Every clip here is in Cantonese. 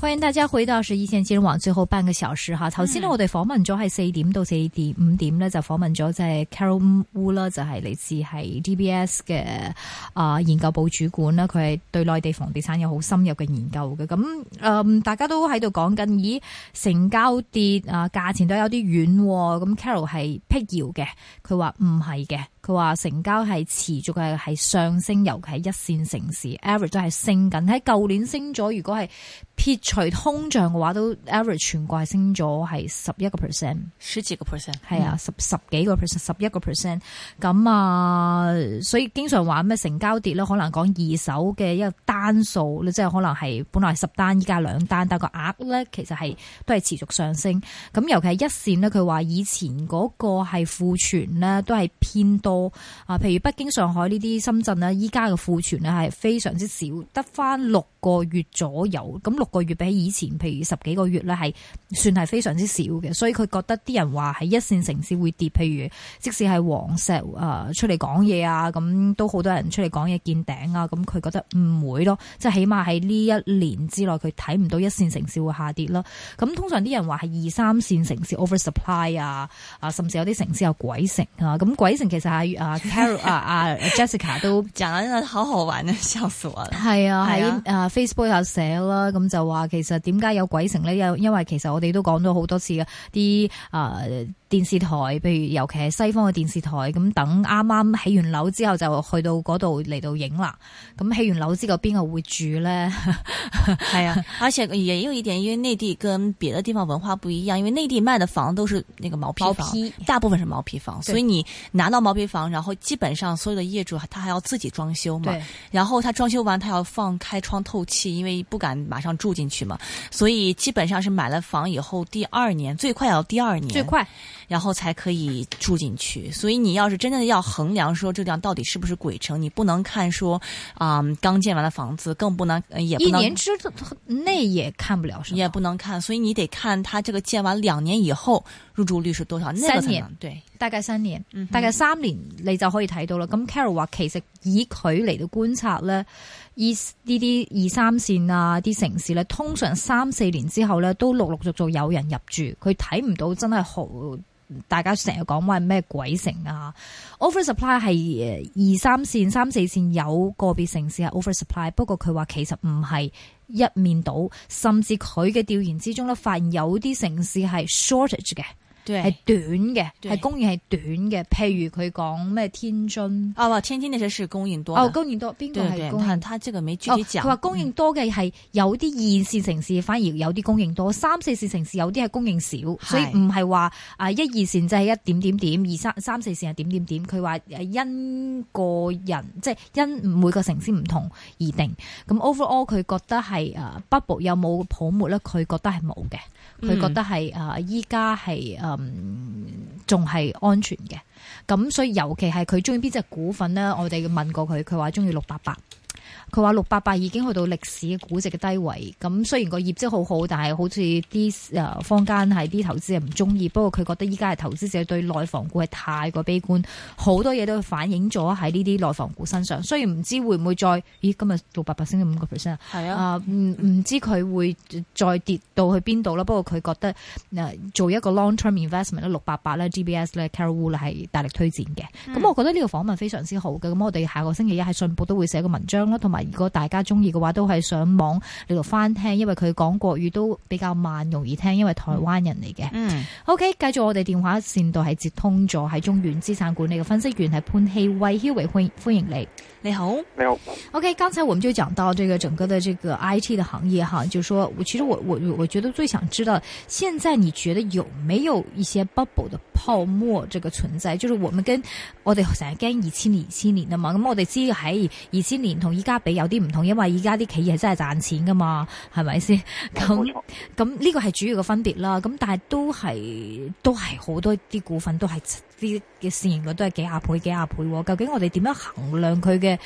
歡迎大家回到是一線金融網最後半個小時哈。頭先咧，我哋訪問咗係四點到四點五點咧，嗯、就訪問咗就係 Carol Wu 啦，就係嚟自係 DBS 嘅啊研究部主管啦。佢係對內地房地產有好深入嘅研究嘅。咁誒、呃，大家都喺度講緊咦，成交跌啊，價錢都有啲軟。咁 Carol 係辟謠嘅，佢話唔係嘅。佢話成交係持續嘅係上升，尤其係一線城市 average 都係升緊。喺舊年升咗，如果係撇除通脹嘅話都 average 全國係升咗係十一個 percent，十幾個 percent，係啊，嗯、十十幾個 percent，十一個 percent。咁啊，所以經常話咩成交跌咧，可能講二手嘅一個單數，咧，即係可能係本來係十單依家兩單，但個額咧其實係都係持續上升。咁尤其係一線咧，佢話以前嗰個係庫存咧都係偏多。啊，譬如北京、上海呢啲深圳呢，依家嘅庫存呢，係非常之少，得翻六個月左右。咁六個月比起以前，譬如十幾個月呢，係算係非常之少嘅。所以佢覺得啲人話喺一線城市會跌，譬如即使係黃石啊出嚟講嘢啊，咁都好多人出嚟講嘢見頂啊。咁佢覺得唔會咯，即係起碼喺呢一年之內佢睇唔到一線城市會下跌咯。咁通常啲人話係二三線城市 over supply 啊，啊，甚至有啲城市有鬼城啊。咁鬼城其實。啊 Carol 啊，啊 ，Jessica 都也講得真係好好玩啊，笑死我啦！係啊，喺啊 Facebook 又寫啦，咁就話其實點解有鬼城咧？因因為其實我哋都講咗好多次嘅啲啊。電視台，比如尤其係西方嘅電視台，咁等啱啱起完樓之後就去到嗰度嚟到影啦。咁起完樓之後邊個會住呢？係 啊，而且也有一點，因為內地跟別的地方文化不一樣，因為內地賣的房都是那個毛坯房，毛皮大部分是毛坯房，吧所以你拿到毛坯房，然後基本上所有的業主，他還要自己裝修嘛。對然後他裝修完，他要放開窗透氣，因為不敢馬上住進去嘛。所以基本上是買了房以後第二年，最快要第二年最快。然後才可以住進去，所以你要是，真正要衡量說，這地方到底是不是鬼城，你不能看說啊、呃、剛建完的房子，更不能，呃、也不能一年之內也看不了，也不能看，所以你得看他這個建完兩年以後入住率是多少，那個，三年對，大概三年，嗯哼，大概三年你就可以睇到啦。咁 Carol 話，其實以佢嚟到觀察呢，呢啲二三線啊啲城市呢，通常三四年之後呢，都陸陸續續有人入住，佢睇唔到真係好。大家成日講話咩鬼城啊？Over supply 係二三線、三四線有個別城市係 over supply，不過佢話其實唔係一面倒，甚至佢嘅調研之中咧，發現有啲城市係 shortage 嘅。係對短嘅，係對供應係短嘅。譬如佢講咩天津，啊話、哦、天天津嘅就係供應多，供應對對對哦供應多邊個係？佢話供應多嘅係有啲二線城市反而有啲供應多，三四線城市有啲係供應少，是所以唔係話啊一二線就係一點點點，二三三四線係點點點。佢話因個人即係因每個城市唔同而定。咁 overall 佢覺得係啊 bubble 有冇泡沫咧？佢覺得係冇嘅，佢、嗯、覺得係啊依家係啊。呃嗯，仲係安全嘅，咁所以尤其係佢中意邊隻股份呢？我哋問過佢，佢話中意六八八。佢話六八八已經去到歷史估值嘅低位，咁雖然個業績好好，但係好似啲誒坊間係啲投資人唔中意。不過佢覺得依家係投資者對內房股係太過悲觀，好多嘢都反映咗喺呢啲內房股身上。雖然唔知會唔會再咦今日六八八升咗五個 percent 啊，唔唔的、呃、知佢會再跌到去邊度啦。不過佢覺得做一個 long term investment 六八八咧，GBS 咧 c a r i o u 咧係大力推薦嘅。咁、嗯、我覺得呢個訪問非常之好嘅。咁我哋下個星期一喺信報都會寫個文章咯。同埋，如果大家中意嘅話，都係上網嚟度翻聽，因為佢講國語都比較慢，容易聽，因為台灣人嚟嘅。嗯，OK，繼續我哋電話線度係接通咗，喺中原資產管理嘅分析員係潘希慧，歡迎歡歡迎你。你好，你好。OK，剛才我們就講到這個整個的這個 IT 的行業哈，就說我其實我我我覺得最想知道，現在你覺得有沒有一些 bubble 的泡沫這個存在？就是我們跟我哋成日驚二千年，二千年啊嘛，咁我哋知喺二千年同依家比有啲唔同，因為依家啲企業真係賺錢噶嘛，係咪先？咁咁呢個係主要嘅分別啦。咁但係都係都係好多啲股份都係。啲嘅市盈率都係幾廿倍、幾廿倍，哦，究竟我哋點樣衡量佢嘅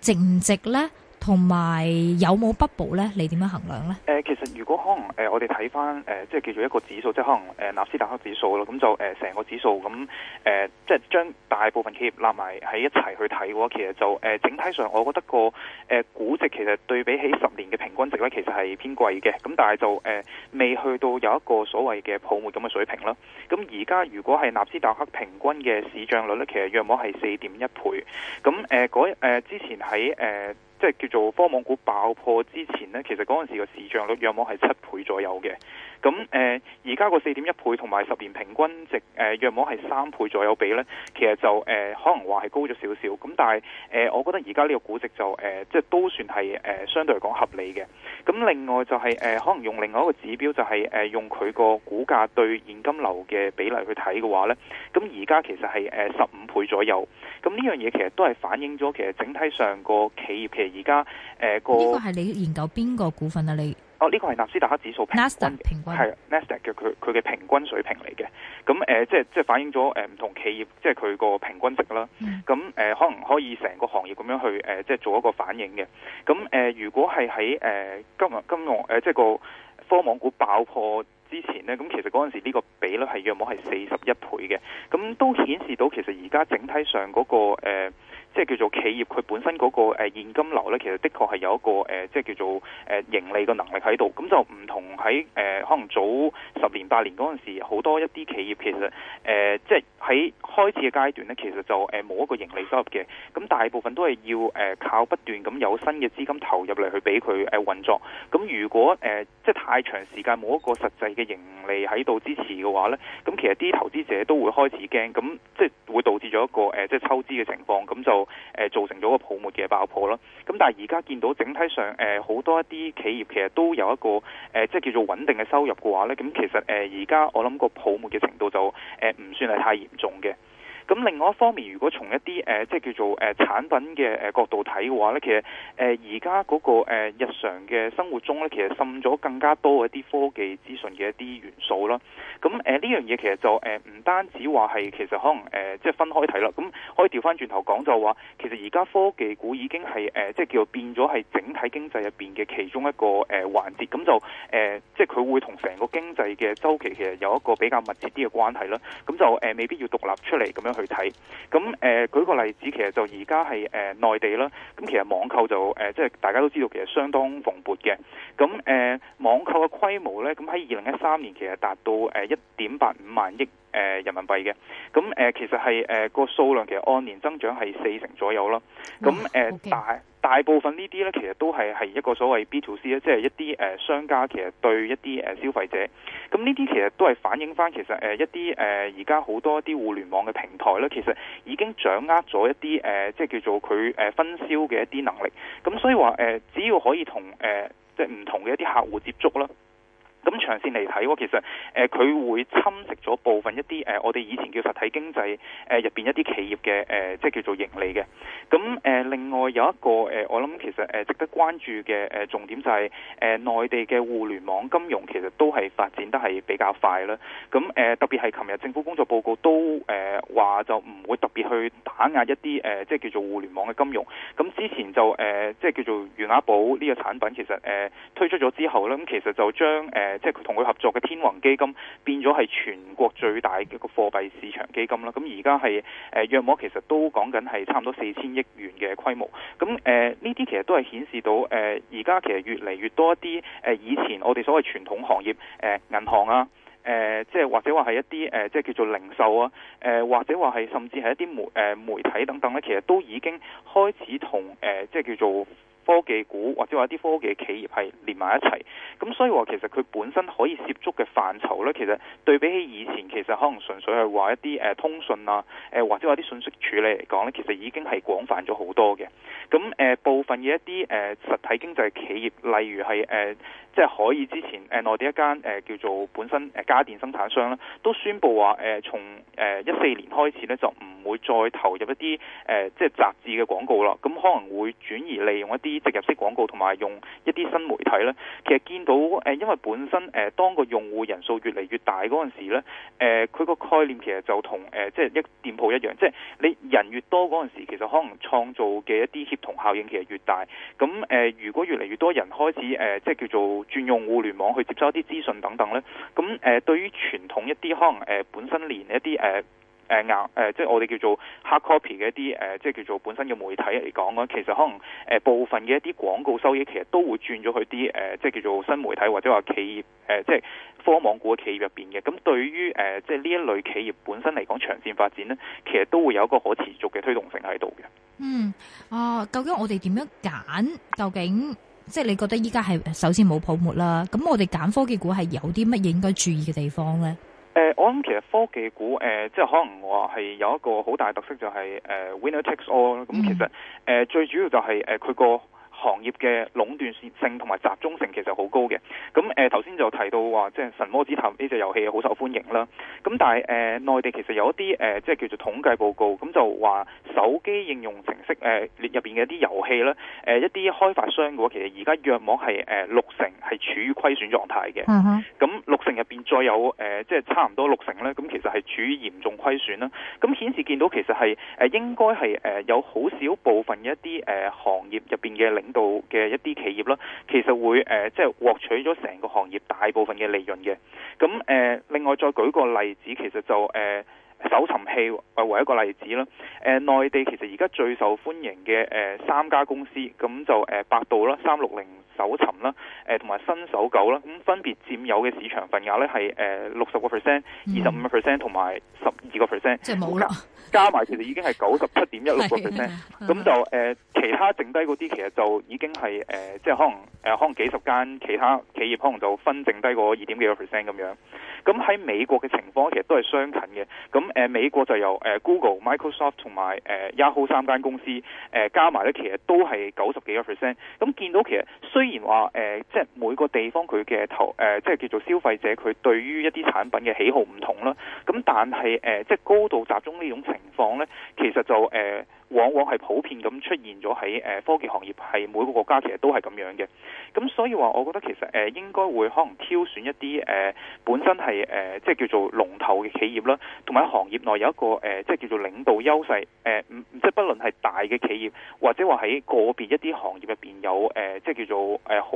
值唔值咧？同埋有冇不保呢？你點樣衡量呢？誒，其實如果可能誒、呃，我哋睇翻誒，即係叫做一個指數，即係可能納、呃、斯達克指數咯。咁就誒成、呃、個指數咁誒、呃，即係將大部分企業納埋喺一齊去睇嘅話，其實就誒、呃、整體上，我覺得個誒、呃、估值其實對比起十年嘅平均值咧，其實係偏貴嘅。咁但係就誒、呃、未去到有一個所謂嘅泡沫咁嘅水平啦。咁而家如果係納斯達克平均嘅市賬率咧，其實約莫係四點一倍。咁誒嗰之前喺誒。呃即係叫做科網股爆破之前呢，其實嗰陣時個市漲率有望係七倍左右嘅。咁誒，而家個四點一倍同埋十年平均值誒，若冇係三倍左右比咧，其實就誒、呃、可能話係高咗少少。咁但係、呃、我覺得而家呢個估值就誒、呃，即係都算係誒、呃、相對嚟講合理嘅。咁另外就係、是、誒、呃，可能用另外一個指標、就是，就係誒用佢個股價對現金流嘅比例去睇嘅話咧，咁而家其實係誒十五倍左右。咁呢樣嘢其實都係反映咗其實整體上個企業其實而家誒個呢個係你研究邊個股份啊你？你哦，呢、這個係納斯達克指數平均嘅，係嘅佢佢嘅平均水平嚟嘅。咁誒、呃，即係即係反映咗誒唔同企業，即係佢個平均值啦。咁誒、嗯呃，可能可以成個行業咁樣去誒、呃，即係做一個反應嘅。咁誒、呃，如果係喺誒金融金融誒、呃，即係個科網股爆破之前咧，咁其實嗰陣時呢個比率係約莫係四十一倍嘅。咁都顯示到其實而家整體上嗰、那個、呃即係叫做企業佢本身嗰個誒現金流咧，其實的確係有一個誒、呃、即係叫做誒盈利嘅能力喺度。咁就唔同喺誒、呃、可能早十年八年嗰陣時，好多一啲企業其實誒、呃、即係喺開始嘅階段咧，其實就誒冇一個盈利收入嘅。咁大部分都係要誒靠不斷咁有新嘅資金投入嚟去俾佢誒運作。咁如果誒、呃、即係太長時間冇一個實際嘅盈利喺度支持嘅話咧，咁其實啲投資者都會開始驚，咁即係會導致咗一個誒、呃、即係抽資嘅情況，咁就，誒造成咗個泡沫嘅爆破咯。咁但係而家見到整體上誒，好多一啲企業其實都有一個誒，即係叫做穩定嘅收入嘅話咧，咁其實誒，而家我諗個泡沫嘅程度就誒唔算係太嚴重嘅。咁另外一方面，如果從一啲、呃、即係叫做、呃、產品嘅角度睇嘅話咧，其實、呃、而家嗰個、呃、日常嘅生活中咧，其實滲咗更加多嘅一啲科技資訊嘅一啲元素啦。咁、呃、呢樣嘢其實就、呃、唔單止話係其實可能、呃、即係分開睇啦。咁可以調翻轉頭講就話，其實而家科技股已經係、呃、即係叫做變咗係整體經濟入邊嘅其中一個誒、呃、環節。咁就、呃、即係佢會同成個經濟嘅週期其實有一個比較密切啲嘅關係啦。咁就、呃、未必要獨立出嚟咁樣去睇，咁誒、呃，舉個例子，其實就而家係誒內地啦，咁其實網購就誒，即、呃、係大家都知道，其實相當蓬勃嘅，咁誒、呃，網購嘅規模咧，咁喺二零一三年其實達到誒一點八五萬億。誒、呃、人民幣嘅，咁、嗯、誒、呃、其實係誒個數量其實按年增長係四成左右啦。咁誒大大部分這些呢啲咧，其實都係係一個所謂 B to C 啦，即係一啲誒商家其實對一啲誒消費者。咁呢啲其實都係反映翻其實誒一啲誒而家好多一啲互聯網嘅平台咧，其實已經掌握咗一啲誒、呃、即係叫做佢誒分銷嘅一啲能力。咁、嗯、所以話誒、呃，只要可以同、呃、唔同誒即係唔同嘅一啲客戶接觸啦。咁長線嚟睇喎，其實誒佢、呃、會侵蝕咗部分一啲誒、呃、我哋以前叫實體經濟誒入、呃、面一啲企業嘅、呃、即係叫做盈利嘅。咁誒、呃、另外有一個誒、呃，我諗其實誒、呃、值得關注嘅、呃、重點就係誒內地嘅互聯網金融其實都係發展得係比較快啦。咁誒、呃、特別係琴日政府工作報告都誒話、呃、就唔會特別去打壓一啲、呃、即係叫做互聯網嘅金融。咁之前就誒、呃、即係叫做餘額寶呢個產品其實誒、呃、推出咗之後咧，咁、呃、其實就將誒。呃即係佢同佢合作嘅天弘基金變咗係全國最大嘅一個貨幣市場基金啦。咁而家係誒，約莫其實都講緊係差唔多四千億元嘅規模。咁呢啲其實都係顯示到而家其實越嚟越多一啲以前我哋所謂傳統行業銀行啊，即係或者話係一啲即係叫做零售啊，或者話係甚至係一啲媒誒媒體等等咧，其實都已經開始同即係叫做。科技股或者話啲科技企業係連埋一齊，咁所以話其實，佢本身可以涉足嘅範疇咧，其實對比起以前，其實可能純粹係話一啲誒通訊啊，誒或者話啲信息處理嚟講咧，其實已經係廣泛咗好多嘅。咁誒部分嘅一啲誒實體經濟企業，例如係誒即係可以之前誒內地一間誒叫做本身誒家電生產商啦，都宣布話誒從誒一四年開始咧，就唔會再投入一啲誒即係雜誌嘅廣告啦，咁可能會轉移利用一啲。植入式廣告同埋用一啲新媒體呢，其實見到誒、呃，因為本身誒、呃、當個用戶人數越嚟越大嗰陣時呢，佢、呃、個概念其實就同誒、呃、即係一店鋪一樣，即係你人越多嗰陣時，其實可能創造嘅一啲協同效應其實越大。咁誒、呃，如果越嚟越多人開始誒、呃，即係叫做轉用互聯網去接收一啲資訊等等呢，咁誒、呃、對於傳統一啲可能誒、呃、本身連一啲誒。呃誒硬誒，即係我哋叫做 hard copy 嘅一啲誒、呃，即係叫做本身嘅媒體嚟講咧，其實可能誒、呃、部分嘅一啲廣告收益，其實都會轉咗去啲誒、呃，即係叫做新媒體或者話企業誒、呃，即係科網股嘅企業入邊嘅。咁對於誒、呃，即係呢一類企業本身嚟講長線發展咧，其實都會有一個可持續嘅推動性喺度嘅。嗯啊，究竟我哋點樣揀？究竟即係你覺得依家係首先冇泡沫啦。咁我哋揀科技股係有啲乜嘢應該注意嘅地方咧？誒、呃，我諗其實科技股，誒、呃，即係可能我係有一個好大特色就係、是、誒、呃、winner takes all 咁、mm hmm. 其實誒、呃，最主要就係誒佢個。呃他的行業嘅壟斷性同埋集中性其實好高嘅，咁誒頭先就提到話，即係神魔之塔呢隻遊戲好受歡迎啦。咁但係誒內地其實有一啲誒、呃、即係叫做統計報告，咁就話手機應用程式誒入邊嘅一啲遊戲咧，誒、呃、一啲開發商嘅話其實而家約莫係誒六成係處於虧損狀態嘅。咁六、mm hmm. 成入邊再有誒、呃、即係差唔多六成咧，咁其實係處於嚴重虧損啦。咁顯示見到其實係誒、呃、應該係誒、呃、有好少部分嘅一啲誒、呃、行業入邊嘅零到嘅一啲企業啦，其實會誒，即、呃、係、就是、獲取咗成個行業大部分嘅利潤嘅。咁誒、呃，另外再舉個例子，其實就誒、呃、搜尋器誒為一個例子啦。誒、呃，內地其實而家最受歡迎嘅誒、呃、三家公司，咁就誒、呃、百度啦，三六零。搜尋啦，誒同埋新手狗啦，咁分別佔有嘅市場份額咧係誒六十個 percent、二十五個 percent 同埋十二個 percent，即係冇啦。加埋其實已經係九十七點一六個 percent，咁就誒其他剩低嗰啲其實就已經係誒即係可能誒可能幾十間其他企業可能就分剩低個二點幾個 percent 咁樣。咁喺美國嘅情況其實都係相近嘅，咁誒美國就由誒 Google、Microsoft 同埋誒 Yahoo 三間公司誒加埋咧，其實都係九十幾個 percent。咁見到其實雖雖然話誒、呃，即係每個地方佢嘅投誒，即係叫做消費者佢對於一啲產品嘅喜好唔同啦，咁但係誒、呃，即係高度集中呢種情況咧，其實就誒。呃往往係普遍咁出現咗喺誒科技行業，係每個國家其實都係咁樣嘅。咁所以話，我覺得其實誒應該會可能挑選一啲誒本身係誒即係叫做龍頭嘅企業啦，同埋行業內有一個誒即係叫做領導優勢誒唔即係不論係大嘅企業，或者話喺個別一啲行業入邊有誒即係叫做誒好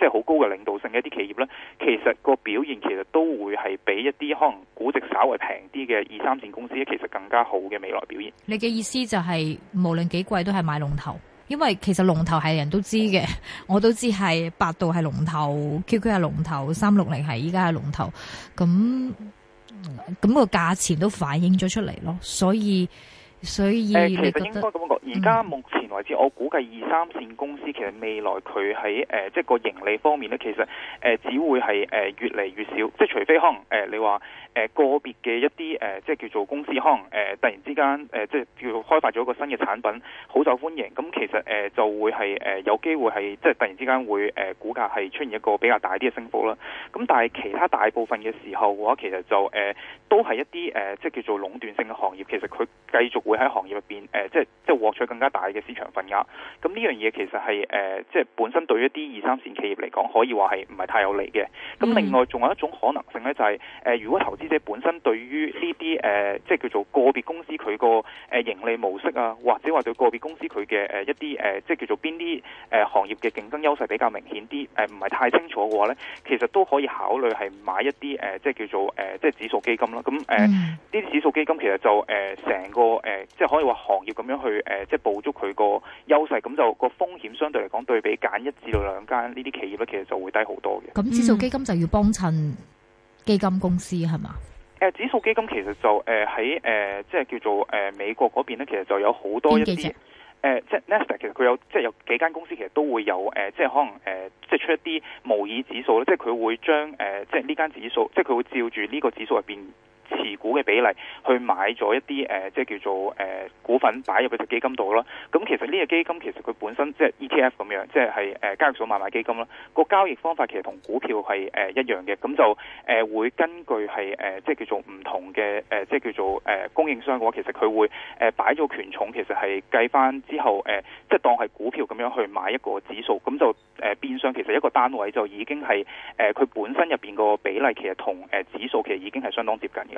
即係好高嘅領導性嘅一啲企業啦，其實個表現其實都會係比一啲可能估值稍微平啲嘅二三線公司其實更加好嘅未來表現。你嘅意思就係、是？無論幾貴都係買龍頭，因為其實龍頭係人都知嘅，我都知係百度係龍頭，QQ 係龍頭，三六零係依家係龍頭，咁咁、個價錢都反映咗出嚟咯，所以所以你覺得、呃、其實應該咁講，而家目。嗯我估計二三線公司其實未來佢喺誒即係個盈利方面咧，其實誒只會係誒越嚟越少，即係除非可能誒你話誒個別嘅一啲誒即係叫做公司可能誒突然之間誒即係叫做開發咗一個新嘅產品好受歡迎，咁其實誒就會係誒有機會係即係突然之間會誒股價係出現一個比較大啲嘅升幅啦。咁但係其他大部分嘅時候嘅話，其實就誒都係一啲誒即係叫做壟斷性嘅行業，其實佢繼續會喺行業入邊誒即係即係獲取更加大嘅市場份額，咁呢樣嘢其實係誒，即、呃、係、就是、本身對於一啲二三線企業嚟講，可以話係唔係太有利嘅。咁另外仲有一種可能性呢，就係、是、誒、呃，如果投資者本身對於呢啲誒，即、呃、係、就是、叫做個別公司佢個誒盈利模式啊，或者話對個別公司佢嘅誒一啲誒，即、呃、係、就是、叫做邊啲誒行業嘅競爭優勢比較明顯啲，誒唔係太清楚嘅話呢，其實都可以考慮係買一啲誒，即、呃、係、就是、叫做誒，即、呃、係、就是、指數基金啦。咁呢啲指數基金其實就誒，成、呃、個誒，即、呃、係、就是、可以話行業咁樣去誒，即、呃、係、就是、捕捉佢個優勢，咁就個風險相對嚟講，對比揀一至兩間呢啲企業咧，其實就會低好多嘅。咁、嗯、指數基金就要幫襯基金公司係嘛？誒、呃，指數基金其實就誒喺誒即係叫做誒、呃、美國嗰邊咧，其實就有好多一啲誒、呃、即係 Nest 其實佢有即係有幾間公司其實都會有誒、呃、即係可能誒、呃、即係出一啲模擬指數咧，即係佢會將誒即係呢間指數，即係佢會照住呢個指數入邊。持股嘅比例去買咗一啲誒、呃，即係叫做誒、呃、股份擺入去隻基金度咯。咁其實呢隻基金其實佢本身即係 ETF 咁樣，即係係誒交易所買賣基金咯。個交易方法其實同股票係誒、呃、一樣嘅，咁就誒、呃、會根據係誒、呃、即係叫做唔同嘅誒、呃，即係叫做誒、呃、供應商嘅話，其實佢會誒擺咗權重，其實係計翻之後誒、呃，即係當係股票咁樣去買一個指數，咁就誒、呃、變相其實一個單位就已經係誒佢本身入邊個比例，其實同誒、呃、指數其實已經係相當接近嘅。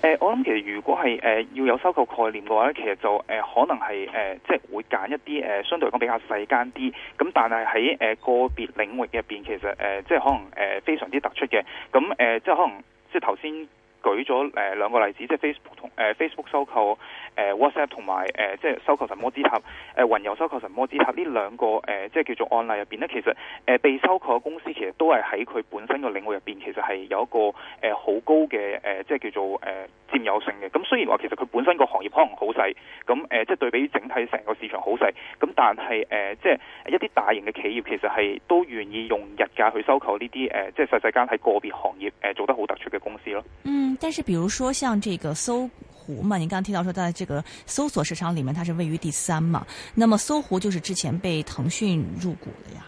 誒、呃，我諗其實如果係誒、呃、要有收購概念嘅話咧，其實就誒、呃、可能係誒、呃、即係會揀一啲誒、呃、相對嚟講比較細間啲，咁但係喺誒個別領域入邊，其實誒、呃、即係可能誒、呃、非常之突出嘅，咁誒、呃、即係可能即係頭先。舉咗誒兩個例子，即係 Facebook 同、啊、誒 Facebook 收購誒、啊、WhatsApp 同埋誒即係收購神魔之塔，誒雲遊收購神魔之塔呢兩個誒、啊、即係叫做案例入邊咧，其實誒、啊、被收購嘅公司其實都係喺佢本身個領域入邊，其實係有一個誒好、啊、高嘅誒即係叫做誒、啊、佔有性嘅。咁、啊、雖然話其實佢本身個行業可能好細，咁、啊、誒、啊、即係對比整體成個市場好細，咁、啊、但係誒、啊、即係一啲大型嘅企業其實係都願意用日價去收購呢啲誒即係細細間喺個別行業誒、啊、做得好突出嘅公司咯。嗯。但是，比如說像這個搜狐嘛，您剛剛提到說它這個搜索市場裏面它是位於第三嘛，那麼搜狐就是之前被騰訊入股了呀。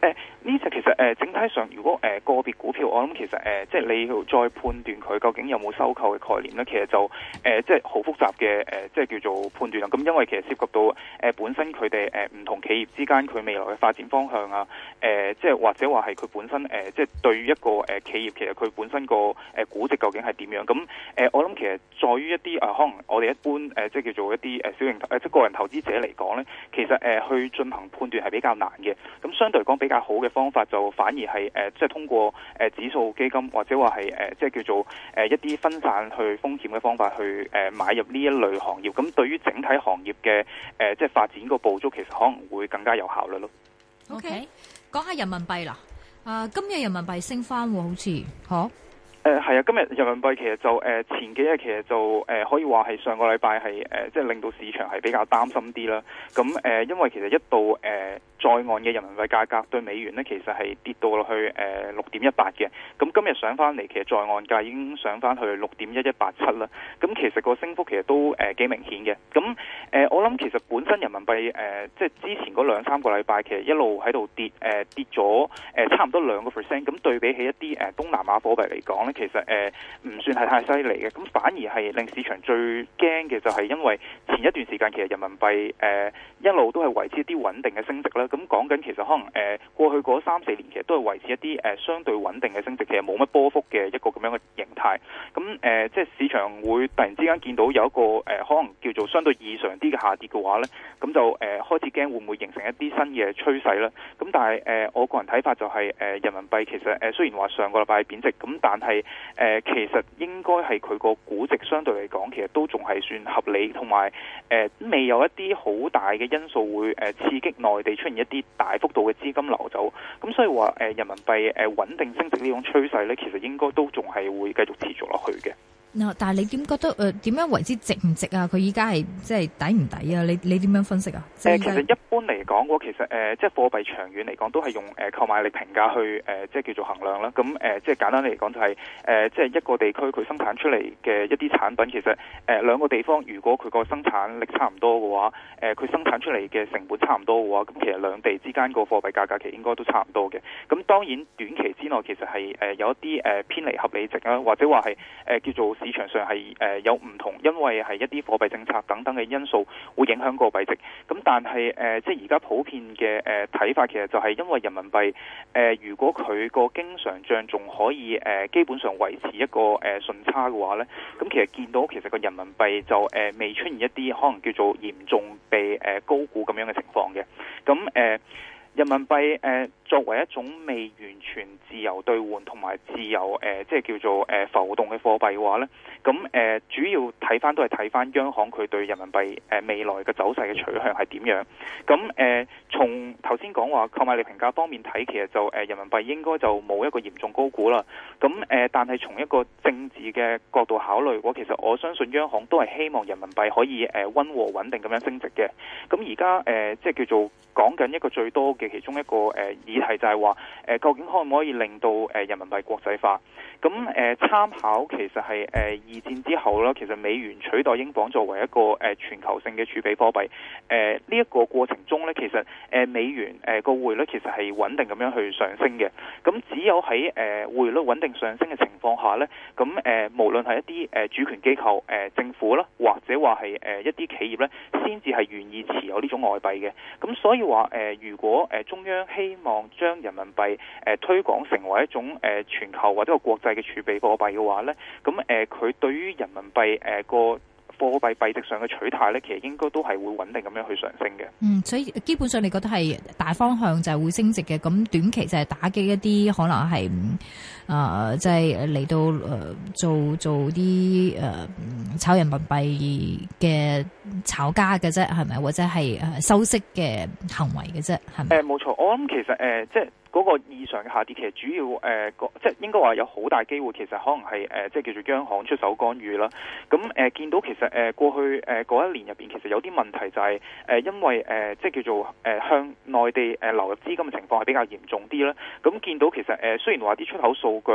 哎、嗯。呢就其實誒整體上，如果誒個別股票，我諗其實誒即係你要再判斷佢究竟有冇收購嘅概念呢，其實就誒即係好複雜嘅誒，即係叫做判斷啦。咁因為其實涉及到誒本身佢哋誒唔同企業之間佢未來嘅發展方向啊，誒即係或者話係佢本身誒即係對於一個誒企業其實佢本身個誒估值究竟係點樣？咁誒我諗其實在於一啲誒可能我哋一般誒即係叫做一啲誒小型誒即係個人投資者嚟講咧，其實誒去進行判斷係比較難嘅。咁相對嚟講比較好嘅方法就反而係誒，即、呃、係、就是、通過誒、呃、指數基金或者話係誒，即、呃、係、就是、叫做誒、呃、一啲分散去風險嘅方法去誒、呃、買入呢一類行業。咁對於整體行業嘅誒、呃、即係發展個捕捉，其實可能會更加有效率咯。OK，講下人民幣啦。啊、呃，今日人民幣升返，好似吓。Huh? 誒，係、呃、啊，今日人民幣其實就誒、呃、前幾日其實就誒、呃、可以話係上個禮拜係誒、呃、即係令到市場係比較擔心啲啦。咁、嗯、誒、呃，因為其實一度誒、呃、在岸嘅人民幣價格對美元呢，其實係跌到落去誒六點一八嘅。咁、呃嗯、今日上翻嚟，其實在岸價已經上翻去六點一一八七啦。咁、嗯、其實個升幅其實都誒幾、呃、明顯嘅。咁、嗯、誒、呃，我諗其實本身人民幣誒、呃、即係之前嗰兩三個禮拜其實一路喺度跌誒、呃、跌咗誒、呃、差唔多兩個 percent。咁、嗯嗯、對比起一啲誒、呃、東南亞貨幣嚟講。其實誒唔、呃、算係太犀利嘅，咁反而係令市場最驚嘅就係因為前一段時間其實人民幣誒、呃、一路都係維持一啲穩定嘅升值啦。咁講緊其實可能誒、呃、過去嗰三四年其實都係維持一啲誒、呃、相對穩定嘅升值，其實冇乜波幅嘅一個咁樣嘅形態。咁誒、呃、即係市場會突然之間見到有一個誒、呃、可能叫做相對異常啲嘅下跌嘅話咧，咁就誒、呃、開始驚會唔會形成一啲新嘅趨勢咧？咁但係誒、呃、我個人睇法就係、是、誒、呃、人民幣其實誒、呃、雖然話上個禮拜貶值，咁但係。誒、呃，其實應該係佢個估值，相對嚟講，其實都仲係算合理，同埋誒未有一啲好大嘅因素會誒刺激內地出現一啲大幅度嘅資金流走，咁所以話誒、呃、人民幣誒穩定升值呢種趨勢咧，其實應該都仲係會繼續持續落去嘅。嗱，但係你點覺得？誒、呃、點樣為之值唔值啊？佢依家係即係抵唔抵啊？你你點樣分析啊？誒，其實一般嚟講，喎，其實誒、呃，即係貨幣長遠嚟講，都係用誒購買力評價去誒、呃，即係叫做衡量啦。咁誒、呃，即係簡單嚟講、就係，就係誒，即係一個地區佢生產出嚟嘅一啲產品，其實誒、呃、兩個地方如果佢個生產力差唔多嘅話，誒、呃、佢生產出嚟嘅成本差唔多嘅話，咁其實兩地之間個貨幣價格其實應該都差唔多嘅。咁當然短期之內其實係誒、呃、有一啲誒偏離合理值啦，或者話係誒叫做。市場上係誒、呃、有唔同，因為係一啲貨幣政策等等嘅因素會影響個幣值。咁但係誒、呃，即係而家普遍嘅誒睇法，其實就係因為人民幣誒、呃，如果佢個經常帳仲可以誒、呃、基本上維持一個誒、呃、順差嘅話咧，咁其實見到其實個人民幣就誒、呃、未出現一啲可能叫做嚴重被誒、呃、高估咁樣嘅情況嘅。咁誒、呃、人民幣誒、呃作為一種未完全自由兌換同埋自由誒、呃，即係叫做誒浮動嘅貨幣嘅話呢。咁誒、呃、主要睇翻都係睇翻央行佢對人民幣誒、呃、未來嘅走勢嘅取向係點樣。咁誒、呃、從頭先講話購買力評價方面睇，其實就誒、呃、人民幣應該就冇一個嚴重高估啦。咁誒、呃、但係從一個政治嘅角度考慮，我其實我相信央行都係希望人民幣可以誒、呃、溫和穩定咁樣升值嘅。咁而家誒即係叫做講緊一個最多嘅其中一個誒以、呃係就係話，誒，究竟可唔可以令到誒人民幣國際化？咁誒，參考其實係誒二戰之後啦，其實美元取代英鎊作為一個誒全球性嘅儲備貨幣。誒呢一個過程中咧，其實誒美元誒個匯率其實係穩定咁樣去上升嘅。咁只有喺誒匯率穩定上升嘅情況下咧，咁誒無論係一啲誒主權機構、誒政府啦，或者話係誒一啲企業咧，先至係願意持有呢種外幣嘅。咁所以話誒，呃，如果誒中央希望將人民幣、呃、推廣成為一種、呃、全球或者國際嘅儲備貨幣嘅話呢，咧、嗯，咁、呃、佢對於人民幣、呃個貨幣幣值上嘅取態咧，其實應該都係會穩定咁樣去上升嘅。嗯，所以基本上你覺得係大方向就係會升值嘅，咁短期就係打擊一啲可能係啊，即係嚟到誒、呃、做做啲誒、呃、炒人民幣嘅炒家嘅啫，係咪？或者係收息嘅行為嘅啫，係咪？誒、呃，冇錯，我諗其實誒、呃，即係。嗰個異常嘅下跌，其實主要誒、呃，即係應該話有好大機會，其實可能係誒、呃，即係叫做央行出手干預啦。咁誒、呃，見到其實誒、呃、過去誒嗰、呃、一年入邊，其實有啲問題就係、是、誒、呃，因為誒、呃、即係叫做誒、呃、向內地誒、呃、流入資金嘅情況係比較嚴重啲啦。咁見到其實誒、呃、雖然話啲出口數據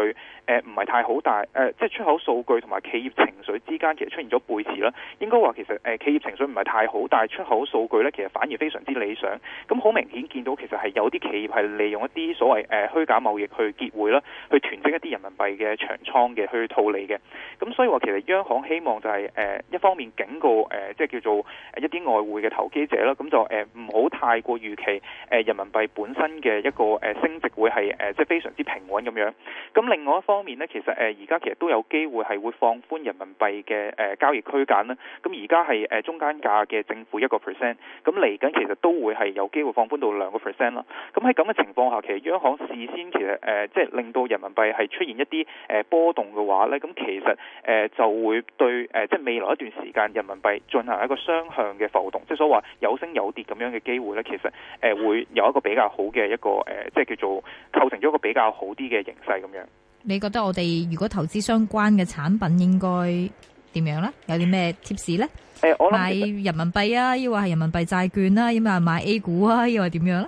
誒唔係太好大，但係誒即係出口數據同埋企業情緒之間其實出現咗背馳啦。應該話其實誒、呃、企業情緒唔係太好，但係出口數據咧其實反而非常之理想。咁好明顯見到其實係有啲企業係利用一啲。啲所謂誒、呃、虛假貿易去結會啦，去囤積一啲人民幣嘅長倉嘅去套利嘅，咁所以話其實央行希望就係、是、誒、呃、一方面警告誒、呃、即係叫做一啲外匯嘅投機者啦，咁就誒唔好太過預期誒、呃、人民幣本身嘅一個誒、呃、升值會係誒即係非常之平穩咁樣。咁另外一方面呢，其實誒而家其實都有機會係會放寬人民幣嘅誒、呃、交易區間啦。咁而家係誒中間價嘅政府一個 percent，咁嚟緊其實都會係有機會放寬到兩個 percent 啦。咁喺咁嘅情況下，其實央行事先其實誒即係令到人民幣係出現一啲誒波動嘅話咧，咁其實誒、呃、就會對誒即係未來一段時間人民幣進行一個雙向嘅浮動，即係所謂有升有跌咁樣嘅機會咧，其實誒、呃、會有一個比較好嘅一個誒即係叫做構成咗一個比較好啲嘅形勢咁樣。你覺得我哋如果投資相關嘅產品應該點樣咧？有啲咩貼士咧？誒、呃，我諗買人民幣啊，抑或係人民幣債券啦、啊，亦或係買 A 股啊，抑或點樣咧？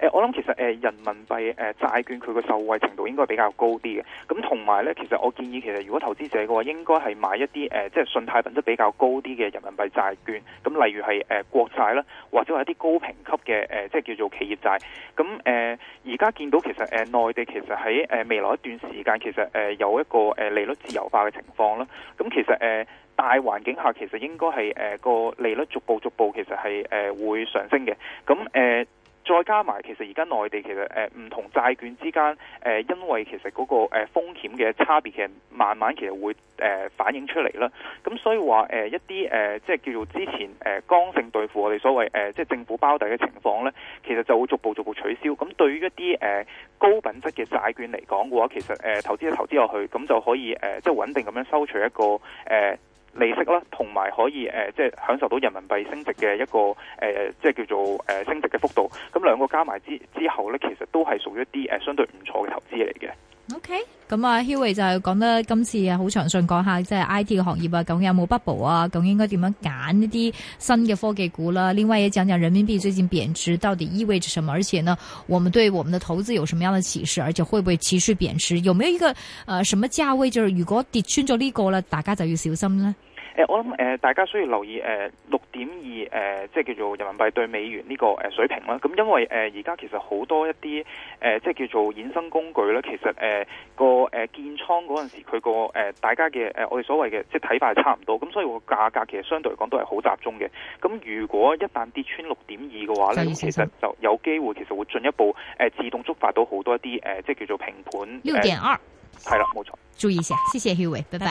誒，我諗其實誒人民幣誒債券佢個受惠程度應該比較高啲嘅。咁同埋咧，其實我建議其實如果投資者嘅話，應該係買一啲誒、呃，即係信貸品質比較高啲嘅人民幣債券。咁例如係誒、呃、國債啦，或者係一啲高評級嘅誒、呃，即係叫做企業債。咁誒，而、呃、家見到其實誒內、呃、地其實喺誒、呃、未來一段時間其實誒、呃、有一個誒利率自由化嘅情況啦。咁其實誒、呃、大環境下其實應該係誒個利率逐步逐步其實係誒、呃、會上升嘅。咁誒，呃再加埋，其實而家內地其實誒唔同債券之間誒，因為其實嗰個誒風險嘅差別，其實慢慢其實會誒反映出嚟啦。咁所以話誒一啲誒即係叫做之前誒剛性兌付我哋所謂誒即係政府包底嘅情況咧，其實就會逐步逐步取消。咁對於一啲誒高品質嘅債券嚟講嘅話，其實誒投資一投資落去，咁就可以誒即係穩定咁樣收取一個誒。利息啦，同埋可以誒、呃，即係享受到人民幣升值嘅一個誒，即係叫做誒升值嘅幅度。咁兩個加埋之之後呢，其實都係屬於一啲誒相對唔錯嘅投資嚟嘅。O K，咁啊，熙威就係講得今次好詳細講下即係 I T 嘅行業有有啊，究竟有冇 bubble 啊？究竟應該點樣揀呢啲新嘅科技股啦、啊？另外也講講人民幣最近貶值到底意味着什麼？而且呢，我們對我們嘅投資有什麼樣嘅啟示？而且會唔會持續貶值？有沒有一個誒、呃、什麼價位？就係如果跌穿咗呢個啦，大家就要小心呢。誒，我諗誒，大家需要留意誒，六點二誒，即係叫做人民幣對美元呢個誒水平啦。咁因為誒而家其實好多一啲誒，即係叫做衍生工具咧，其實誒個誒建倉嗰陣時，佢個誒大家嘅，誒我哋所謂嘅即係睇法係差唔多。咁所以個價格其實相對嚟講都係好集中嘅。咁如果一旦跌穿六點二嘅話咧，咁其實就有機會其實會進一步誒自動觸發到好多一啲誒即係叫做平盤 6. 2。六點二，係啦，冇錯。注意一下，謝謝熙威，拜拜。